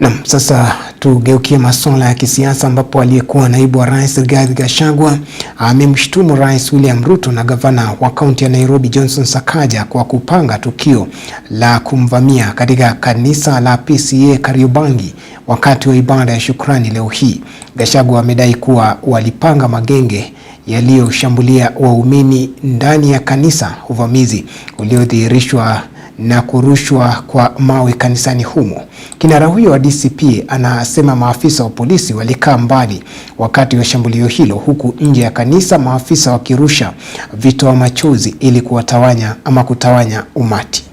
Nam, sasa tugeukie masuala ya kisiasa ambapo aliyekuwa naibu wa rais Rigathi Gachagua amemshtumu rais William Ruto na gavana wa kaunti ya Nairobi Johnson Sakaja kwa kupanga tukio la kumvamia katika kanisa la PCEA Kariobangi wakati wa ibada ya shukrani leo hii. Gachagua amedai kuwa walipanga magenge yaliyoshambulia waumini ndani ya kanisa, uvamizi uliodhihirishwa na kurushwa kwa mawe kanisani humo. Kinara huyo wa DCP anasema maafisa wa polisi walikaa mbali wakati wa shambulio hilo, huku nje ya kanisa maafisa wakirusha vitoa machozi ili kuwatawanya ama kutawanya umati.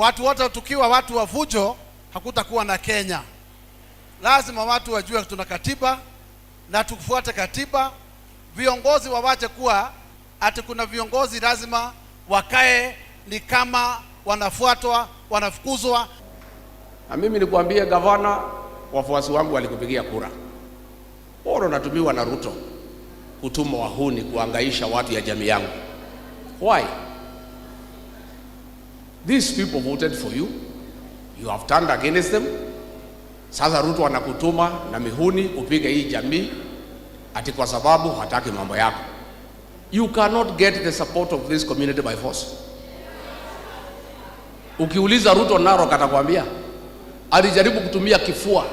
watu wote tukiwa watu wa vujo, hakutakuwa na Kenya. Lazima watu wajue tuna katiba na tufuate katiba. Viongozi wawache kuwa ati kuna viongozi lazima wakae ni kama wanafuatwa, wanafukuzwa. Na mimi nikuambie gavana, wafuasi wangu walikupigia kura. Bora unatumiwa na Ruto, kutuma wahuni, kuangaisha watu ya jamii yangu. Why? These people voted for you. You have turned against them. Sasa Ruto anakutuma na mihuni upige hii jamii ati kwa sababu hataki mambo yako. You cannot get the support of this community by force. Ukiuliza Ruto naro katakwambia alijaribu kutumia kifua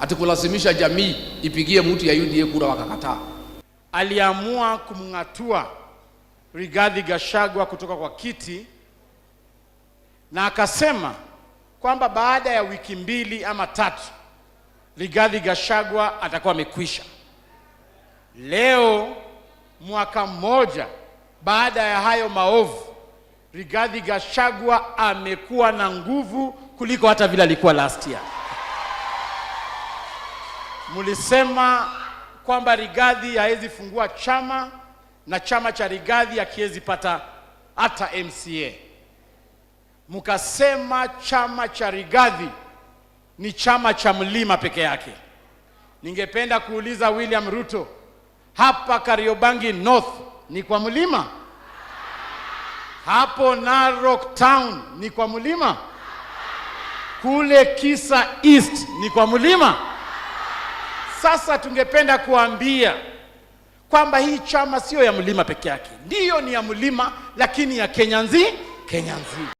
ati kulazimisha jamii ipigie mtu ya UDA kura wakakataa. Aliamua kumng'atua Rigathi gashagwa kutoka kwa kiti na akasema kwamba baada ya wiki mbili ama tatu Rigathi Gachagua atakuwa amekwisha. Leo mwaka mmoja baada ya hayo maovu, Rigathi Gachagua amekuwa na nguvu kuliko hata vile alikuwa last year. Mlisema kwamba Rigathi hawezi fungua chama na chama cha Rigathi hakiwezi pata hata MCA mkasema chama cha Rigathi ni chama cha mlima peke yake. Ningependa kuuliza William Ruto, hapa Kariobangi North ni kwa mlima? Hapo Narok Town ni kwa mlima? Kule Kisa East ni kwa mlima? Sasa tungependa kuambia kwamba hii chama siyo ya mlima peke yake, ndiyo ni ya mlima, lakini ya Kenya nzima Kenya nzima.